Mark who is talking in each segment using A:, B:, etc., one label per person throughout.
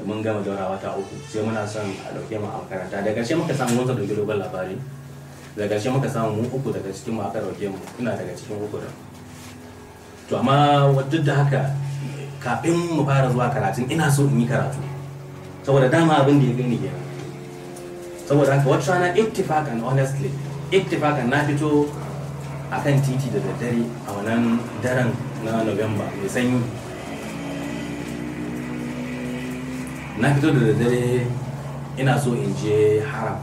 A: mun gama daura wata uku sai muna son a dauke mu a makaranta daga ƙarshe muka samu mun dauke dogon labari daga ƙarshe muka samu mu uku daga cikin mu aka dauke mu ina daga cikin uku da to amma wadda da haka kafin mu fara zuwa karatun ina so in yi karatu saboda dama abin da ya gani kenan saboda haka wata rana ittifakan honestly ittifakan na fito a kan titi da daddare a wannan daren na november mai sanyi na fito da daddare ina so in je haram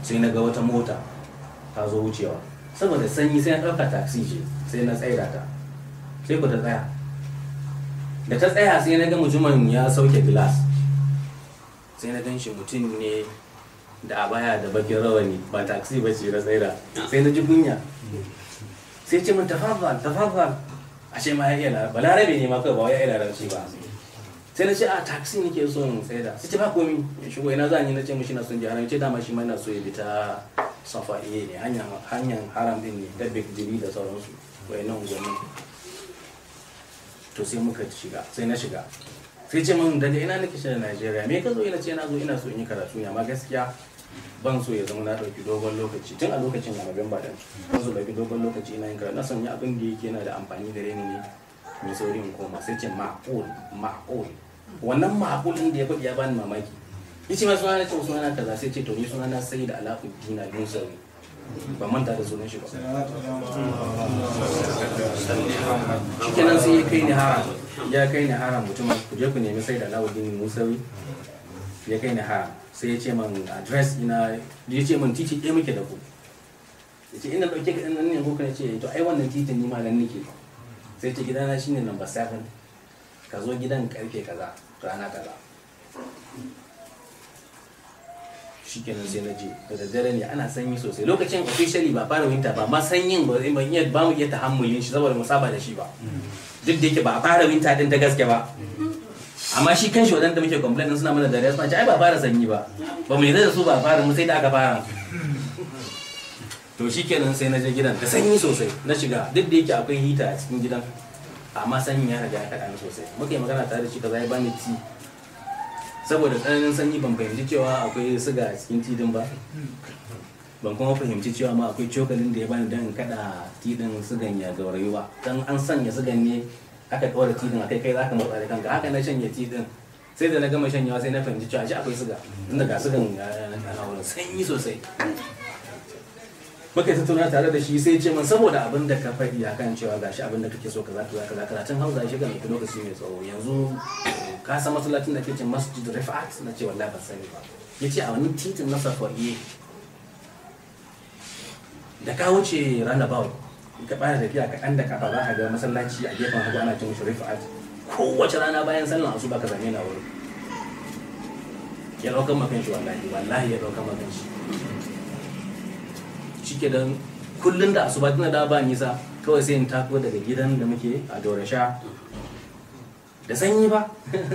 A: sai na ga wata mota ta zo wucewa saboda sanyi sai na ɗauka taxi ce sai na tsaida ta sai ku ta tsaya da ta tsaya sai na ga mutumin ya sauke glass sai na ganshi mutum ne da a baya da bakin rawani ba taxi ba ce na tsaida sai na ji kunya sai ce mun tafafa a ashe ma ya iya balarabe ne ma kawai ba ya iya larabci ba sai na ce a ah, taxi nake son da sai ce ba komi ya shigo ina za ni na ce mashi na son jihar ce dama shi ma ina so ya bi ta safa iya ne hanyar haram din ne da big jiri da sauransu wai nan gwamnati to sai muka shiga sai na shiga sai ce mun daga ina nake da Najeriya me ka zo ina ce na zo ina so in yi karatu ne amma gaskiya ban so ya zama na ɗauki dogon lokaci tun a lokacin a November din ban so ɗauki dogon lokaci ina yin karatu na son yi abin da yake yana da amfani da ni ne mai saurin koma sai ce ma'ul ma'ul wannan ma'akulin da ya faɗi ya bani mamaki ce masu sunana ce sunana kaza sai ce to ni sunana sai da alaƙu dina sauri ba manta da sunan shi ba nan sai ya kai ni haram ya kai ni haram mutumin ku je ku nemi sai da alaƙu sauri ya kai ni haram sai ya ce min address ina ya ce man titi ɗaya muke da ku ya ce ina ɗauke ka ɗan nan ne ko ka ce to ai wannan titin ni ma nan nake sai ce gidana shine number 7 ka zo gidan karfe kaza rana kaza shikenan sai na je da daddare ne ana sanyi sosai lokacin officially ba fara winta ba ma sanyin ba mu iya ba mu iya tahammulin shi saboda mu saba da shi ba duk da yake ba fara winta din ta gaske ba amma shi kan shi wadanda muke complain din suna mana da response ce ai ba fara sanyi ba ba mu yarda da su ba fara mu sai da aka fara to shikenan sai na je gidan da sanyi sosai na shiga duk da yake akwai hita a cikin gidan amma sanyin ya riga ya kaɗa ni sosai muka yi magana tare da shi kaza ya bani ti saboda tsananin sanyi ban fahimci cewa akwai siga a cikin tidin ba ban kuma fahimci cewa ma akwai cokalin da ya bani don kada tidin sigan ya gaurayu ba don an sanya sigan ne aka ɗora tidin a kai kai za ka motsa da kanka haka na shanya tidin sai da na gama shanyawa sai na fahimci cewa shi akwai siga inda ga sigan ya na wurin sanyi sosai muka tuna tare da shi sai ce min saboda abin da ka faɗi kan cewa gashi abin da kake so kaza kaza kaza karatun Hausa shi ga ɗauki lokaci mai tsawo yanzu eh, ka san masallacin da ke ce Masjid Rifat na ce wallahi ban sani ba ya ce a wani titin na Safariye da ka wuce Ranabau ka fara tafiya ka ɗan da kafa za ka ga masallaci a gefen hagu ana cin shi Rifat kowace rana bayan sallan asuba ka zame na wuri ya ɗaukan makan wallahi wallahi ya ɗaukan makan shike dan kullun da asuba tana da ba nisa kawai sai in tako daga gidan da muke a dorasha da sanyi ba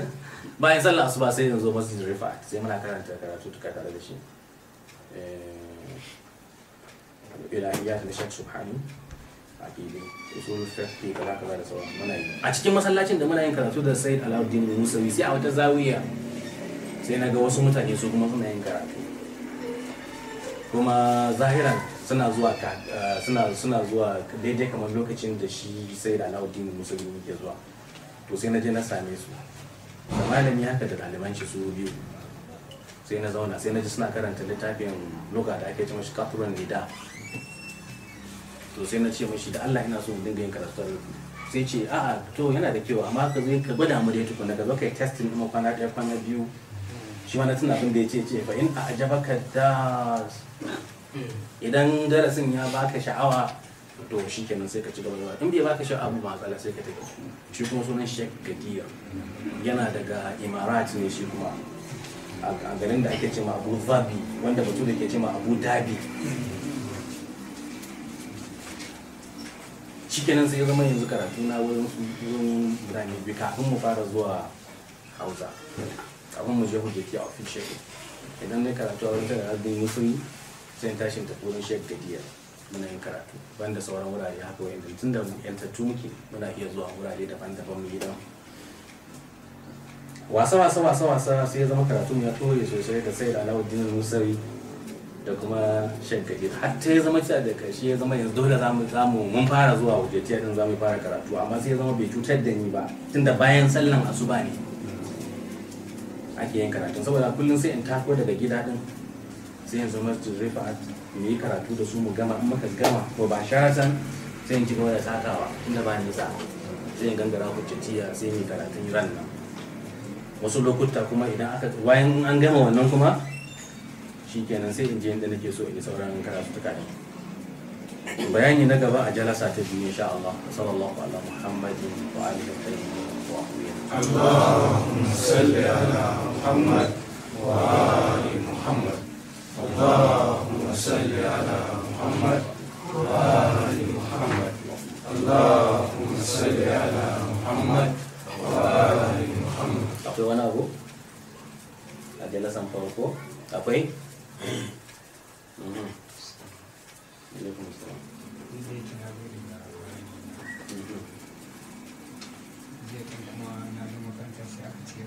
A: bayan sallar asuba sai zo masjid rifa sai muna karanta karatu tuka tare da shi eh, ya ta shi subhani a usul fiqhi kala kala da sauran muna yi a cikin masallacin da muna yin karatu da sayyid alauddin musawi sai a wata zawiya sai na ga wasu mutane su kuma suna yin karatu kuma zahiran suna zuwa eh, suna suna zuwa daidai kamar lokacin da shi sai da alauddin musulmi ke zuwa to sai na je na same su da malami haka da daliban shi su biyu sai na zauna sai na ji suna karanta littafin loga da ake cewa mashi katuran nida to sai na ce mashi da Allah ina so mu dinga yin karatu sai ce a'a to yana da kyau amma ka zai ka gwada mu dai tukuna ka zo kai testing din kwana ɗaya kwana biyu shi ma na tuna abin da ya ce ce fa in a ajabaka da idan darasin ya baka sha'awa to shi kenan sai ka ci gaba in bai baka sha'awa ba matsala sai ka tafi shi kuma sunan shek gagiya yana daga imarat ne shi kuma a garin da ake cewa abu zabi wanda batu da ke cewa abu dabi shi kenan sai zama yanzu karatu na wurin wurin birane bi kafin mu fara zuwa hausa kafin mu je hujjaki a official idan ne karatu a wurin tara da musulmi sai tashin ta wurin shek gadiya muna yin karatu banda sauran wurare haka wanda tun da yantattu muke muna iya zuwa wurare daban-daban mu yi dan wasa wasa wasa wasa sai ya zama karatu ya tore sosai da sai da alawuddin musari da kuma shan kaji har ta ya zama cewa da karshe ya zama yanzu dole za mu samu mun fara zuwa waje din za mu fara karatu amma sai ya zama bai cutar da ni ba tunda bayan sallan asuba ne ake yin karatu saboda kullum sai in tako daga gida din sai yanzu masu rufe mu yi karatu da su mu gama in maka gama ko ba sharatan sai in ci gaba da sakawa inda ba nisa zai gangara hujjatiya sai mu karatun ran nan wasu lokuta kuma idan aka wayan an gama wannan kuma shikenan sai in je inda nake so in sauran karatu ta kare bayani na gaba a jalasa ta biyu insha Allah sallallahu ala muhammadin wa alihi wa sahbihi wa Allahumma salli ala Muhammad wa Muhammad اللهم صل على محمد وآل محمد اللهم صل على محمد وآل محمد to wani abu a jalasan farko akwai kuma na zama kantar sai aka ce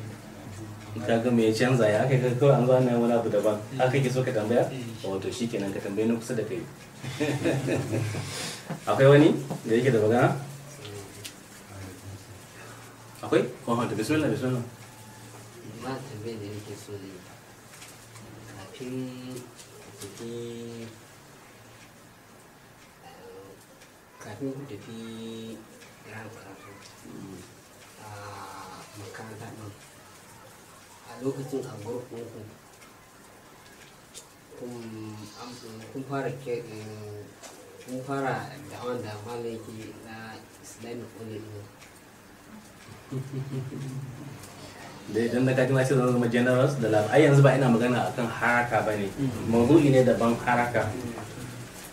A: ka ga mai canza ya kai kawai an zo ana wani abu daban haka ke so ka tambaya wato mm. oh, shi kenan ka tambaye na kusa da kai akwai wani da yake da magana akwai kwanwa da bismillah bismillah ma tambaye da yake so da kafin tafi kafin ku tafi ran karatu mm. a makaranta a lokacin anguwar ku kun fara kun fara da wanda malam yake na islamic college da idan da kaji mace zama generous da lafi ai yanzu ba ina magana akan haraka ba ne mazuli ne daban haraka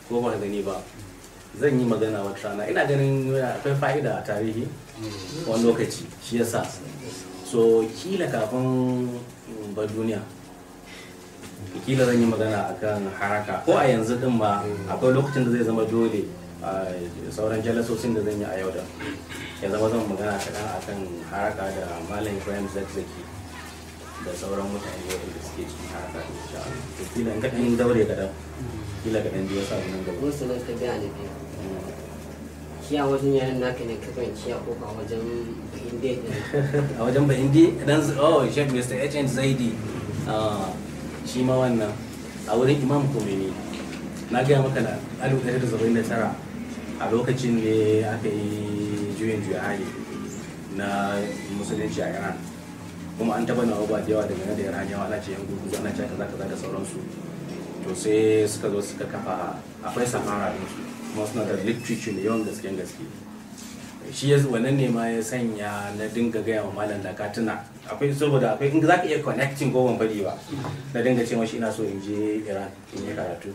A: ko ba gani ba zan yi magana wata rana ina ganin akwai fa'ida a tarihi wani lokaci shi yasa so kila kafin ba duniya kila zan yi magana akan haraka ko a yanzu din ma mm. akwai lokacin da zai zama dole a sauran jalasosin da zan yi a yau da ya zama zan magana kaɗan akan haraka da malam ibrahim zaki da sauran mutane waɗanda suke cikin haraka da insha Allah kila in kaɗan daure kaɗan kila kaɗan biyu sa nan gaba kiya wajen da naka ne ka kan kiya ko a wajen bahinde a wajen bahinde dan oh shek mr hn zaidi ah, shi ma wannan a wurin imam komeni na gaya maka da alif da saba'in da tara a lokacin ne aka yi juyin juya hali na musulunci a iran kuma an taba nawa ba da yawa daga da iran yawa ana ce yan gurguzu ana ce kaza kaza da sauransu to sai suka zo suka kafa akwai samara din su kuma suna da literature ne yawan gaske gaske shi ya wannan ne ma ya sanya na dinga gaya wa malam da katuna akwai saboda akwai in za ka iya connecting ko ban bari ba na dinga cewa shi ina so in je iran in yi karatu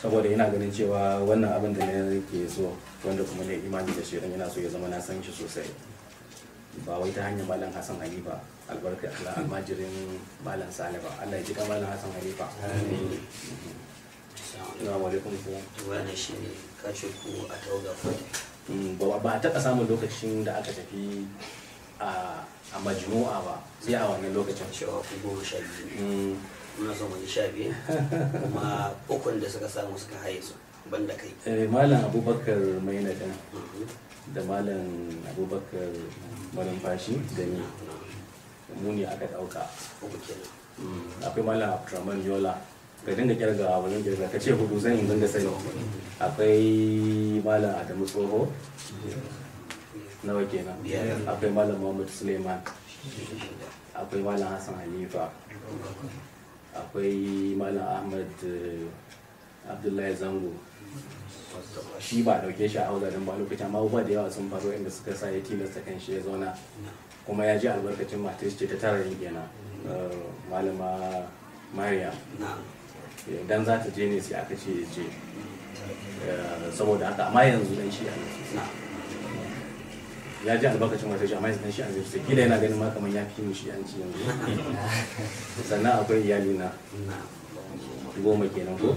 A: saboda yana ganin cewa wannan abin da ne ke so wanda kuma ne imani da shi dan yana so ya zama na san shi sosai ba wai ta hanyar malam hassan ba albarka almajirin malam saliba allah ya ji malam hassan ba Assalamu alaikum kuma. shi ne kace ku a tawagar fata. Hmm, ba taɓa samun lokacin da aka tafi a majmu'a ba sai a wannan lokacin. Cewa ku goma sha biyu. Hmm. Muna son wani sha biyu kuma ukun da suka samu suka haye su banda kai. Eh, Malam Abubakar Maina ɗin mm-hmm. da Malam Abubakar fashi da ni. Mm-hmm. muni aka ɗauka. Hmm, akwai Malam Abdurrahman Yola. ka dinga kirgawa ba zan kirga ka ce hudu zan yi dinga sani akwai malam adamu tsoho nawa kenan akwai malam muhammad suleiman akwai malam hassan hanifa akwai malam ahmad eh, abdullahi zango shi ba dauke shi a hauza don ba lokaci amma ba da yawa sun faru inda suka sa ya tilasta kan shi ya zauna kuma ya ji albarkacin matar ce ta tara yin kenan eh, malama mariam Dan za ta je ne sai aka ce je eh, saboda haka amma yanzu dan shi ya ji albarkacin wata shi amma yanzu dan shi zai sai kila yana ganin ma kamar ya fi mu shi an ci yanzu sannan akwai iyali na goma kenan ko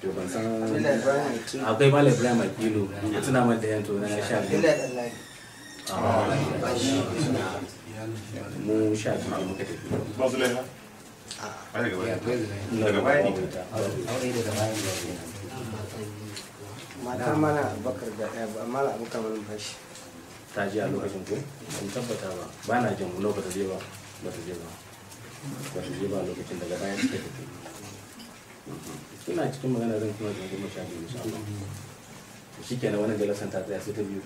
A: to ban san akwai malam ma kilo ya tuna mai da yanto na sha biyu ah. mu sha biyu muka tafi daga baya mata mana abubakar da mala abubakar mana bashi ta ji a lokacin ko ban tabbata ba ba na jin ba ta je ba ba ta je ba ba ta je ba lokacin daga baya suka tafi suna cikin magana zan kuma jin goma sha biyu shi kenan wani jalasan ta tsaya sai ta biyu